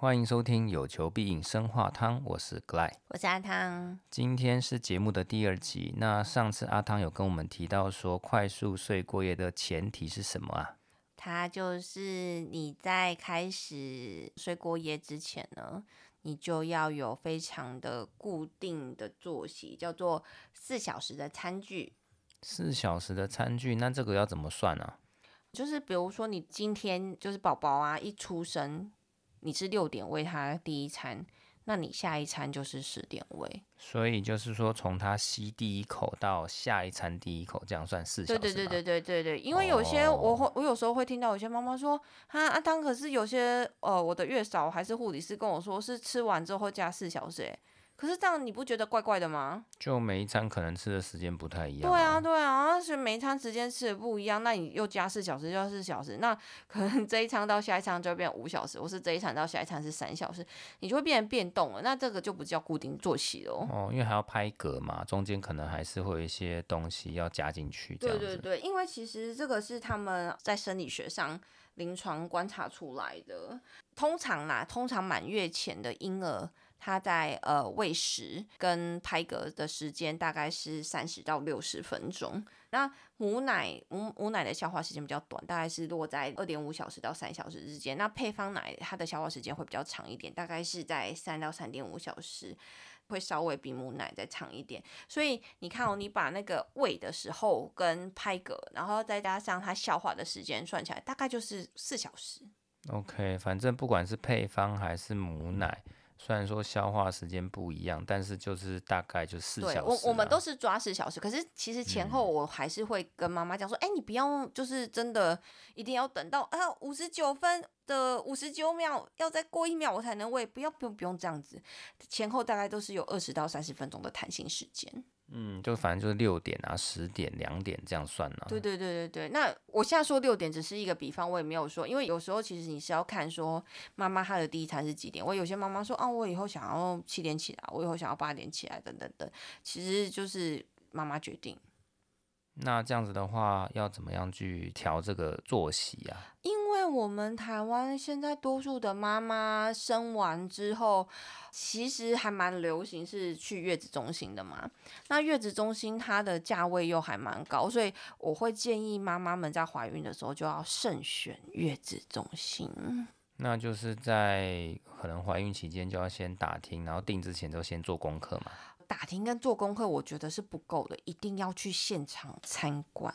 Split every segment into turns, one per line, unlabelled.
歡迎收聽《有求必應生化湯》，我是 Gly，
我是阿湯。
今天是節目的第二集。那上次阿湯有跟我們提到說，快速睡過夜的前提是什麼啊？
它就是你在開始睡過夜之前呢，你就要有非常的固定的作息，叫做四小時的餐具。
四小時的餐具，那這個要怎麼算呢
啊？就是比如說，你今天就是寶寶啊，一出生。你吃六點餵他第一餐，那你下一餐就是十點餵。
所以就是說，從他吸第一口到下一餐第一口，這樣算四小時。對
對對對對對，對因為有些我會，哦、我有時候會聽到有些媽媽說，哈阿湯、啊、可是有些呃，我的月嫂還是護理師跟我說是吃完之後加四小時、欸。可是這樣你不覺得怪怪的嗎？
就每一餐可能吃的時間不太一樣。對
啊，對啊，對啊，是每一餐時間吃的不一樣。那你又加四小時，要四小時，那可能這一餐到下一餐就會變五小時，或是這一餐到下一餐是三小時，你就會變得變動了。那這個就不叫固定作息哦。哦，因
為還要拍嗝嘛，中間可能還是會有一些東西要加進去。對對
對，因為其實這個是他們在生理學上臨床觀察出來的。通常啦，通常滿月前的嬰兒。它在呃餵食跟拍嗝的時間大概是三十到六十分鐘。那母奶母母奶的消化時間比較短，大概是落在二點五小時到三小時之間。那配方奶它的消化時間會比較長一點，大概是在三到三點五小時，會稍微比母奶再長一點。所以你看，哦，你把那個餵的時候跟拍嗝，然後再加上它消化的時間算起來，大概就是四小時。
OK，反正不管是配方還是母奶。雖然說消化時間不一樣，但是就是大概就四小時，啊。對，我我們都
是抓四小時。可是其實前後我還是會跟媽媽講說，哎、嗯欸，你不要，就是真的一定要等到啊五十九分的五十九秒，要再過一秒我才能餵，不要不用不用這樣子。前後大概都是有二十到三十分鐘的彈性時間。
嗯，就反正就是六點啊、十點、兩點這樣算啦啊。
對對對對對，那我現在說六點只是一個比方，我也沒有說，因為有時候其實你是要看說媽媽她的第一餐是幾點。我有些媽媽說，啊，我以後想要七點起來，我以後想要八點起來，等等等，其實就是媽媽決定。
那這樣子的話，要怎麼樣去調這個作息啊？
因為我們台灣現在多數的媽媽生完之後，其實還蠻流行是去月子中心的嘛。那月子中心它的價位又還蠻高，所以我會建議媽媽們在懷孕的時候就要慎選
月子中心。那就是在可能懷孕期間就要先打聽，然後訂之前就先做功課嘛。
打聽跟做功課，我覺得是不夠的，一定要去現場參觀，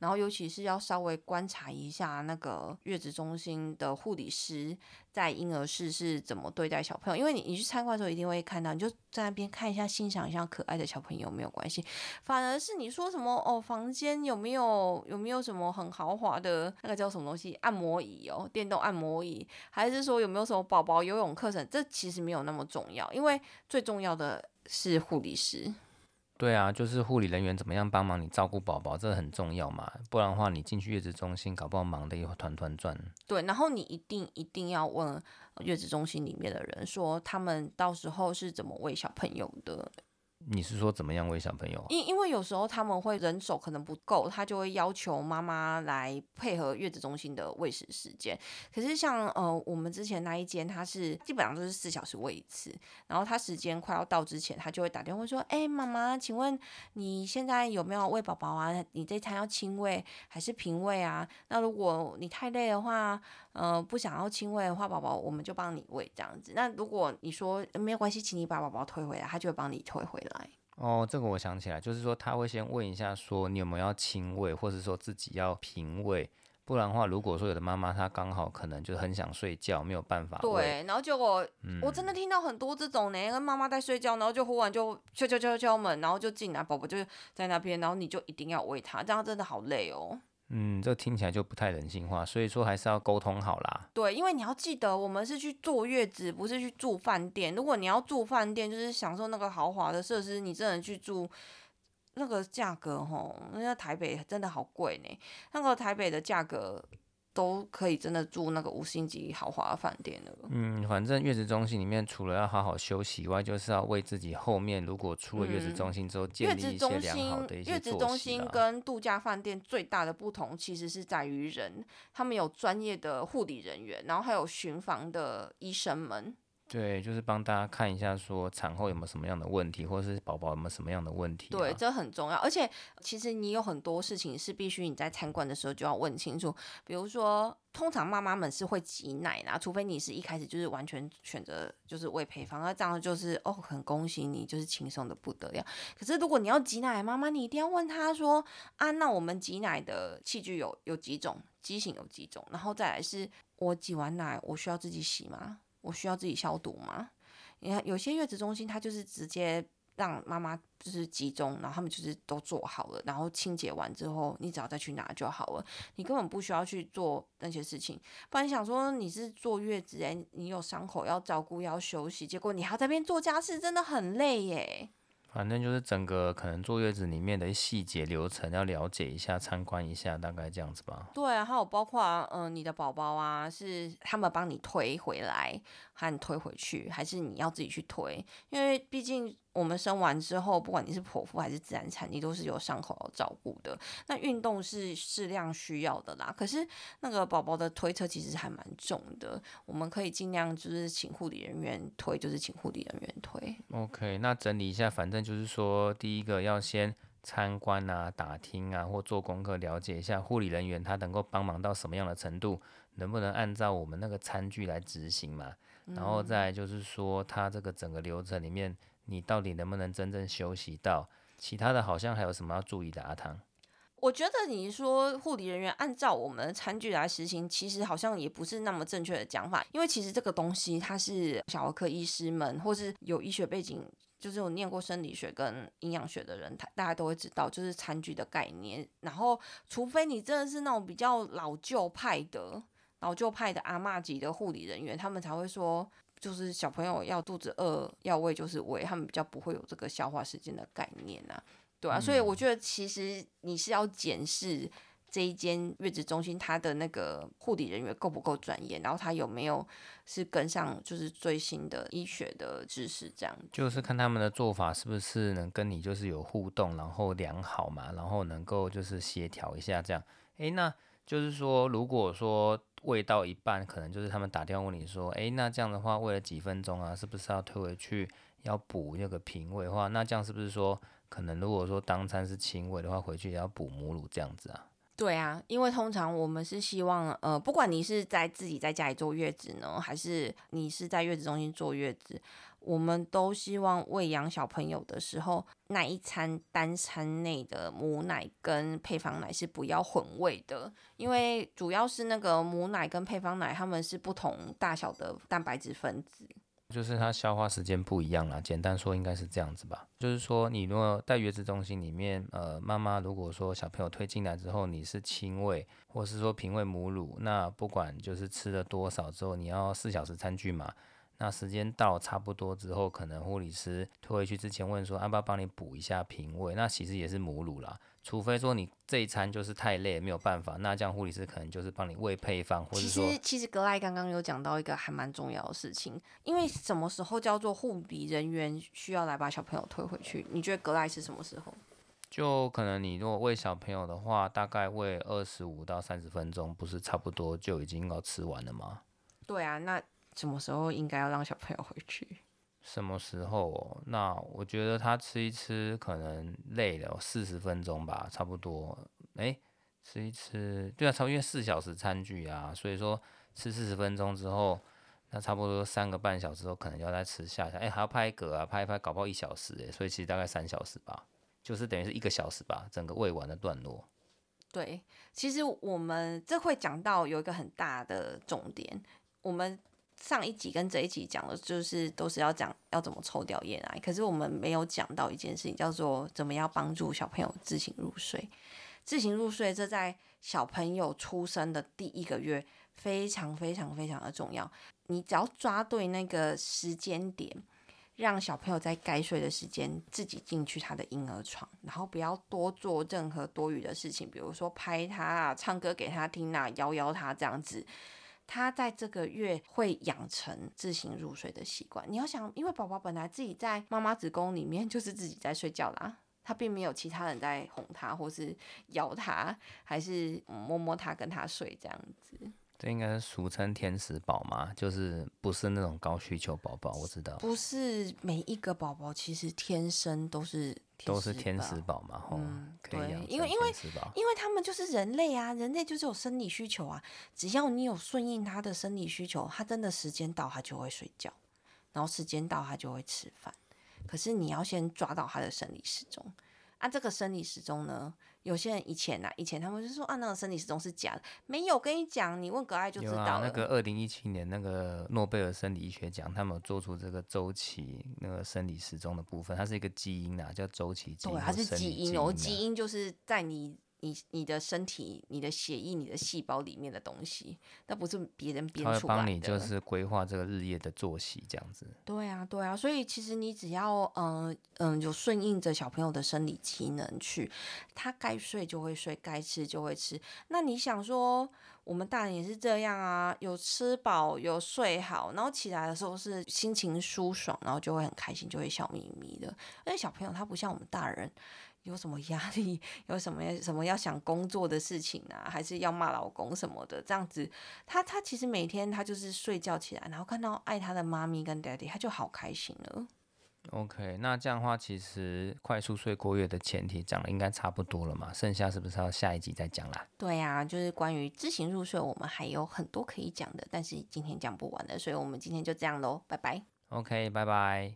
然後尤其是要稍微觀察一下那個月子中心的護理師在嬰兒室是怎麼對待小朋友。因為你你去參觀的時候，一定會看到，你就在那邊看一下，欣賞一下可愛的小朋友，沒有關係。反而是你說什麼哦，房間有沒有有沒有什麼很豪華的，那個叫什麼東西，按摩椅哦，電動按摩椅，還是說有沒有什麼寶寶游泳課程？這其實沒有那麼重要，因為最重要的。是護理師，
對啊，就是護理人員怎麼樣幫忙你照顧寶寶，這很重要嘛，不然的話你進去月子中心搞不好忙得一團團轉。
對，然後你一定一定要問月子中心裡面的人，說他們到時候是怎麼餵小朋友的。
你是說怎麼樣餵小朋友、啊？
因因為有時候他們會人手可能不夠，他就會要求媽媽來配合月子中心的餵食時間。可是像呃我們之前那一間，他是基本上都是四小時餵一次，然後他時間快要到之前，他就會打電話說：“哎、欸，媽媽，請問你現在有沒有餵寶寶啊？你這一餐要親餵還是平餵啊？那如果你太累的話，呃不想要親餵的話，寶寶我們就幫你餵這樣子。那如果你說、呃、沒有關係，請你把寶寶推回來，他就會幫你推回來。”
哦，這個我想起來，就是說他會先問一下，說你有沒有要親餵，或者是說自己要瓶餵，不然的話，如果說有的媽媽她剛好可能就很想睡覺，沒有辦法。對，然
後結果、嗯、我真的聽到很多這種呢，跟媽媽在睡覺，然後就忽然就敲敲敲敲門，然後就進來，寶寶就在那邊，然後你就一定要餵他，這樣真的好累哦。
嗯，這聽起來就不太人性化，所以說還是要溝通好啦。
對，因為你要記得，我們是去坐月子，不是去住飯店。如果你要住飯店，就是享受那個豪華的設施，你真的去住，那個價格吼。那個台北真的好貴呢。那個台北的價格。都可以真的住那個五星級豪華飯店了。
嗯，反正月子中心裡面除了要好好休息以外，就是要為自己後面如果出了月子中心之後，建立一些良好的一些作息啊。月子中心，
月子中心跟度假飯店最大的不同，其實是在於人，他們有專業的護理人員，然後還有巡房的醫生們。
對，就是幫大家看一下，說產後有沒有什麼樣的問題，或者是寶寶有沒有什麼樣的問題啊。對，
這很重要。而且，其實你有很多事情是必須你在參觀的時候就要問清楚。比如說，通常媽媽們是會擠奶啦，除非你是一開始就是完全選擇就是餵配方，那這樣就是，哦，很恭喜你，就是輕鬆的不得了。可是如果你要擠奶，媽媽你一定要問她說啊，那我們擠奶的器具有有幾種，機型有幾種，然後再來是，我擠完奶我需要自己洗嗎？我需要自己消毒嗎？你看，有些月子中心，他就是直接讓媽媽就是集中，然後他們就是都做好了，然後清潔完之後，你只要再去拿就好了，你根本不需要去做那些事情。不然你想說你是坐月子哎，欸，你有傷口要照顧，要休息，結果你還在那邊做家事，真的很累耶，欸。
反正就是整個可能坐月子裡面的細節流程要了解一下，參觀一下，大概這樣子吧。
對啊，還有包括嗯、呃，你的寶寶啊，是他們幫你推回來和推回去，還是你要自己去推？因為畢竟。我們生完之後，不管你是剖腹還是自然產，你都是有傷口要照顧的。那運動是適量需要的啦。可是那個寶寶的推車其實還蠻重的，我們可以儘量就是請護理人員推，就是請護理人員推。
OK，那整理一下，反正就是說，第一個要先參觀啊、打聽啊，或做功課了解一下護理人員他能夠幫忙到什麼樣的程度。能不能按照我們那個餐具來執行嘛？然後再就是說，他這個整個流程裡面，你到底能不能真正休息到？其他的好像還有什麼要注意的阿？阿湯，
我覺得你說護理人員按照我們的餐具來實行，其實好像也不是那麼正確的講法，因為其實這個東西它是小兒科醫師們或是有醫學背景，就是有念過生理學跟營養學的人，他大家都會知道，就是餐具的概念。然後，除非你真的是那種比較老舊派的。然後就派的阿嬤級的護理人員，他們才會說，就是小朋友要肚子餓要餵，就是餵他們比較不會有這個消化時間的概念啊。對啊，嗯、所以我覺得其實你是要檢視這一間月子中心，他的那個護理人員夠不夠專業，然後他有沒有是跟上就是最新的醫學的知識這樣，
就是看他們的做法是不是能跟你就是有互動，然後良好嘛，然後能夠就是協調一下這樣，哎、欸，那就是說如果說。餵到一半，可能就是他們打電話問你說，哎、欸，那這樣的話餵了幾分鐘啊？是不是要退回去要補那個瓶餵的話？那這樣是不是說，可能如果說當餐是親餵的話，回去也要補母乳這樣子啊？
對啊，因為通常我們是希望，呃，不管你是在自己在家裡坐月子呢，還是你是在月子中心坐月子，我們都希望餵養小朋友的時候，那一餐單餐內的母奶跟配方奶是不要混餵的，因為主要是那個母奶跟配方奶，它們是不同大小的蛋白質分子。
就是它消化時間不一樣啦，簡單說應該是這樣子吧。就是說，你如果在月子中心裡面，呃，媽媽如果說小朋友推進來之後，你是親餵或是說瓶餵母乳，那不管就是吃了多少之後，你要四小時餐具嘛。那時間到差不多之後，可能護理師推回去之前問說：“阿爸，幫你補一下瓶餵。”那其實也是母乳啦，除非說你這一餐就是太累，沒有辦法。那這樣護理師可能就是幫你餵配方，或是說其……
其實，格萊剛剛有講到一個還蠻重要的事情，因為什麼時候叫做護理人員需要來把小朋友推回去？你覺得格萊是什麼時候？
就可能你如果餵小朋友的話，大概餵二十五到三十分鐘，不是差不多就已經要吃完了嗎？
對啊，那。什麼時候應該要讓小朋友回去？
什麼時候？那我覺得他吃一吃，可能累了四十分鐘吧，差不多。哎、欸，吃一吃，對啊，差不多因為四小時餐具啊，所以說吃四十分鐘之後，那差不多三個半小時後可能要再吃下一下。哎、欸，還要拍嗝啊，拍一拍，搞不好一小時，哎、欸，所以其實大概三小時吧，就是等於是一個小時吧，整個未完的段落。
對，其實我們這會講到有一個很大的重點，我們。上一集跟這一集講的就是都是要講要怎麼抽掉夜奶啊。可是我們沒有講到一件事情，叫做怎麼樣幫助小朋友自行入睡。自行入睡這在小朋友出生的第一個月非常非常非常的重要。你只要抓對那個時間點，讓小朋友在該睡的時間自己進去他的嬰兒床，然後不要多做任何多餘的事情，比如說拍他啊、唱歌給他聽啊、搖搖他這樣子。他在這個月會養成自行入睡的習慣。你要想，因為寶寶本來自己在媽媽子宮裡面就是自己在睡覺啦，他並沒有其他人在哄他，或是搖他，還是摸摸他跟他睡這樣子。
這應該是俗稱天使寶寶，就是不是那種高需求寶寶。我知道，不
是每一個寶寶其實天生都是。
都是天使寶嘛，嗯，
嗯，對，對對，因為因為因為他們就是人類啊，人類就是有生理需求啊，只要你有順應他的生理需求，他真的時間到他就會睡覺，然後時間到他就會吃飯，可是你要先抓到他的生理時鐘。啊，這個生理時鐘呢，有些人以前吶，以前他們就說啊，那個生理時鐘是假的，沒有。跟你講，你問葛艾就知道了。啊，那個
二零一七年那個諾貝爾生理醫學獎，他們做出這個周期那個生理時鐘的部分，它是一個基因吶，叫周期基
因。對，啊，它是基因，有基因哦，基因就是在你。你你的身體、你的血液、你的細胞裡面的東西，那不是別人編出來的。他會幫你就是
規劃這個日夜的作息這樣子。
對啊，對啊，所以其實你只要嗯嗯，有、嗯、順應着小朋友的生理機能去，他該睡就會睡，該吃就會吃。那你想說，我們大人也是這樣啊，有吃飽有睡好，然後起來的時候是心情舒爽，然後就會很開心，就會笑眯眯的。而且小朋友他不像我們大人。有什麼壓力？有什麼什麼要想工作的事情啊？還是要罵老公什麼的？這樣子，他他其實每天他就是睡覺起來，然後看到愛他的媽咪跟 daddy，他就好開心了。
OK，那這樣的話，其實快速睡過月的前提講的應該差不多了嘛？剩下是不是要下一集再講啦？
對呀，就是關於自行入睡，我們還有很多可以講的，但是今天講不完了，所以我們今天就這樣嘍，拜拜。
OK，拜拜。